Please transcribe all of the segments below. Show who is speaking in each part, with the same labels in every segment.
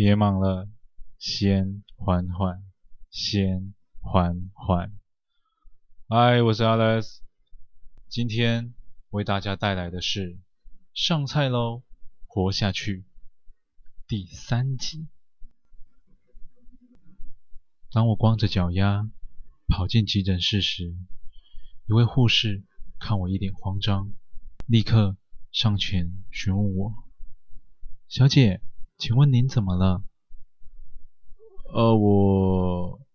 Speaker 1: 別忙了，先緩緩，先緩緩。嗨，我是 Alice 今天為大家帶來的是《上菜嘍，活下去》第三集。當我光着腳丫跑進急診室時，一位護士看我一臉慌張，立刻上前詢問我：“小姐。”請問您怎麼了？呃，我……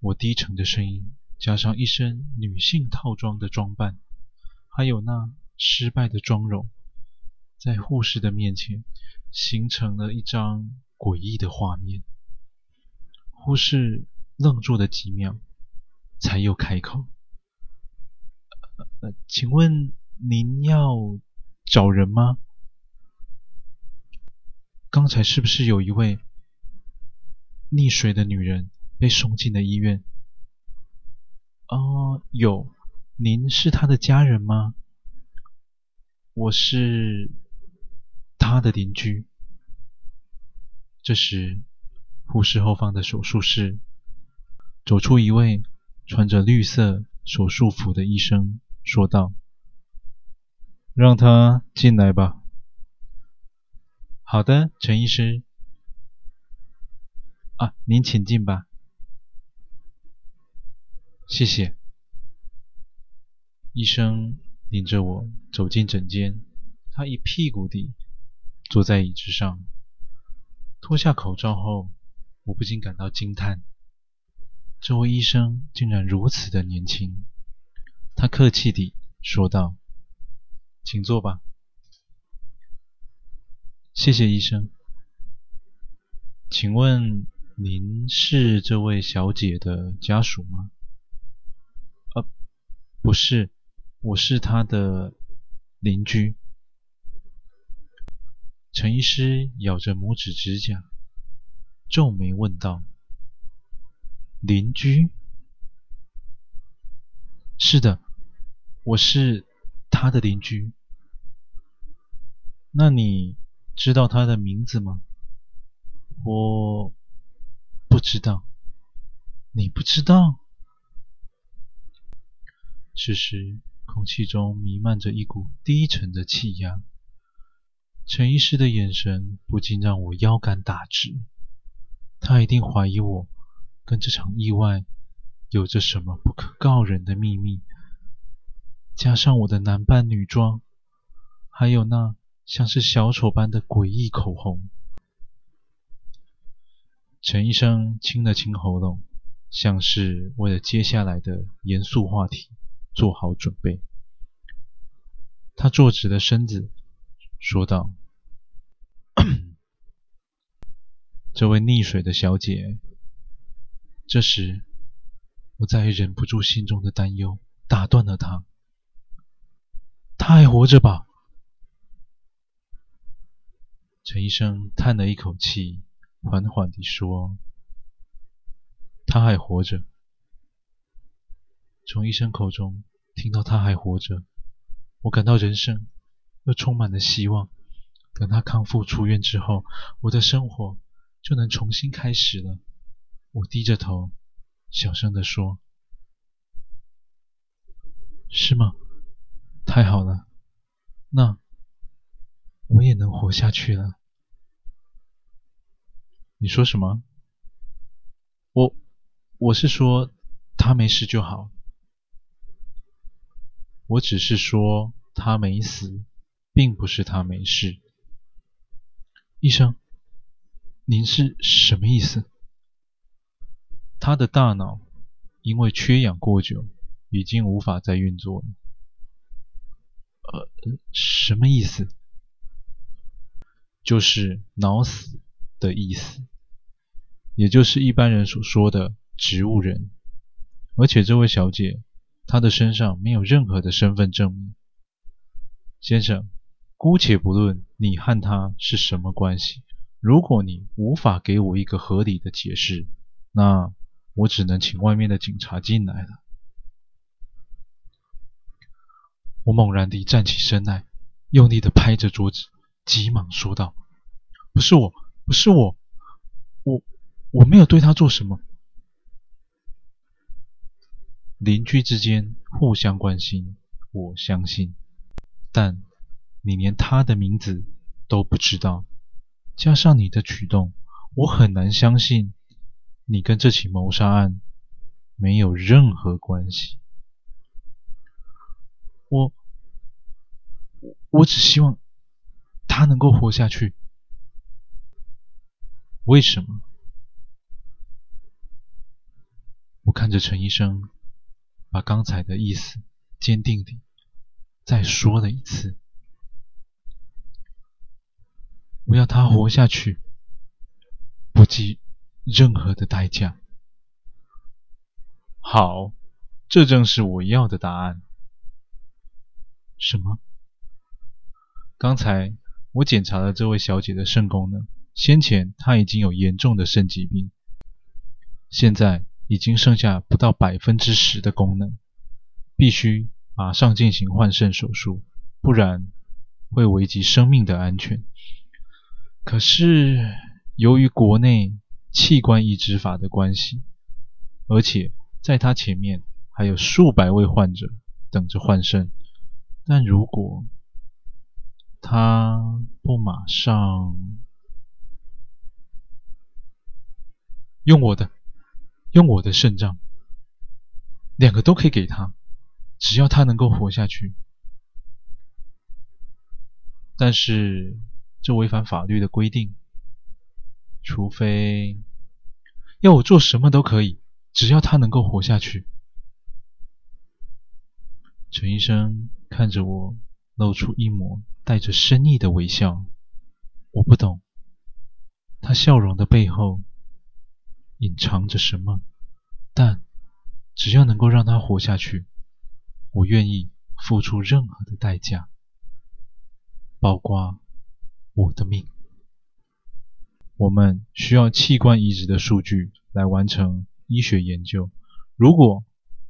Speaker 1: 我低沉的聲音，加上一身女性套裝的裝扮，還有那失敗的妝容，在護士的面前，形成了一張詭異的畫面。護士愣住了幾秒，才又開口，呃呃：“請問您要找人嗎？”剛才是不是有一位溺水的女人被送進了醫院？啊、哦，有。您是她的家人嗎？我是她的鄰居。這時，護士後方的手術室走出一位穿着綠色手術服的醫生，說道：“讓他進來吧。”好的，陳醫師。啊，您請進吧。謝謝。醫生領着我走進診間，他一屁股地坐在椅子上，脫下口罩後，我不禁感到驚嘆，這位醫生竟然如此的年輕。他客氣地說道：“請坐吧。”謝謝醫生。請問您是這位小姐的家屬嗎？呃、啊，不是，我是她的鄰居。陳醫師咬着拇指指甲，皺眉問道：“鄰居？”“是的，我是她的鄰居。”“那你？”你知道他的名字嗎？我不知道。你不知道？此時，空氣中瀰漫着一股低沉的氣壓。陳醫師的眼神不禁讓我腰桿打直。他一定懷疑我跟這場意外有着什麼不可告人的秘密。加上我的男扮女裝，還有那……像是小丑般的詭異口紅，陳醫生清了清喉嚨，像是為了接下來的嚴肅話題做好準備。他坐直了身子，說道 ：“這位溺水的小姐。”這時，我再也忍不住心中的擔憂，打斷了他：“她還活着吧？”陳醫生嘆了一口氣，緩緩地說：“他還活着。”從醫生口中聽到他還活着，我感到人生又充滿了希望。等他康復出院之後，我的生活就能重新開始了。我低着頭，小聲地說：“是嗎？太好了！那……”我也能活下去了。你說什麼？我，我是說，他沒事就好。我只是說他沒死，並不是他沒事。醫生，您是什麼意思？他的大腦因為缺氧過久，已經無法再運作了。呃，什麼意思？就是腦死的意思，也就是一般人所說的植物人。而且這位小姐，她的身上沒有任何的身份證明。先生，姑且不論你和她是什麼關係，如果你無法給我一個合理的解釋，那我只能請外面的警察進來了。我猛然地站起身來，用力地拍着桌子。急忙說道：“不是我，不是我，我我沒有對她做什麼。”鄰居之間互相關心，我相信。但你連她的名字都不知道，加上你的舉動，我很難相信你跟這起謀殺案沒有任何關係。我我只希望。他能夠活下去。嗯，為什麼？我看着陳醫生，把剛才的意思堅定地再說了一次。我要她活下去，嗯，不計任何的代價。好，這正是我要的答案。什麼？剛才。我檢查了這位小姐的腎功能，先前她已經有嚴重的腎疾病，現在已經剩下不到百分之十的功能，必須馬上進行換腎手術，不然會危及生命的安全。可是由於國內器官移植法的關係，而且在她前面還有數百位患者等着換腎，但如果……她不馬上用我的，用我的腎臟，兩個都可以給她，只要她能夠活下去。但是這違反法律的規定，除非要我做什麼都可以，只要她能夠活下去。陳醫生看着我。露出一抹帶着深意的微笑。我不懂，他笑容的背後隱藏着什麼。但只要能夠讓他活下去，我願意付出任何的代價，包括我的命。我們需要器官移植的數據來完成醫學研究。如果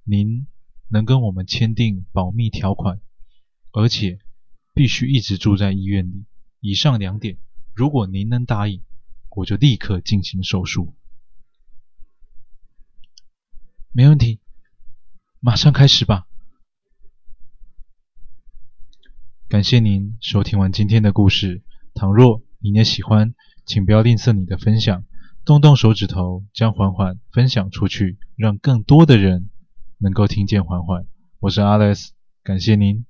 Speaker 1: 您能跟我們簽訂保密條款，而且必須一直住在醫院裡。以上兩點，如果您能答應，我就立刻進行手術。沒問題，馬上開始吧。感謝您收聽完今天的故事。倘若您也喜歡，請不要吝嗇你的分享，動動手指頭，將緩緩分享出去，讓更多的人能夠聽見緩緩。我是 Alex，感謝您。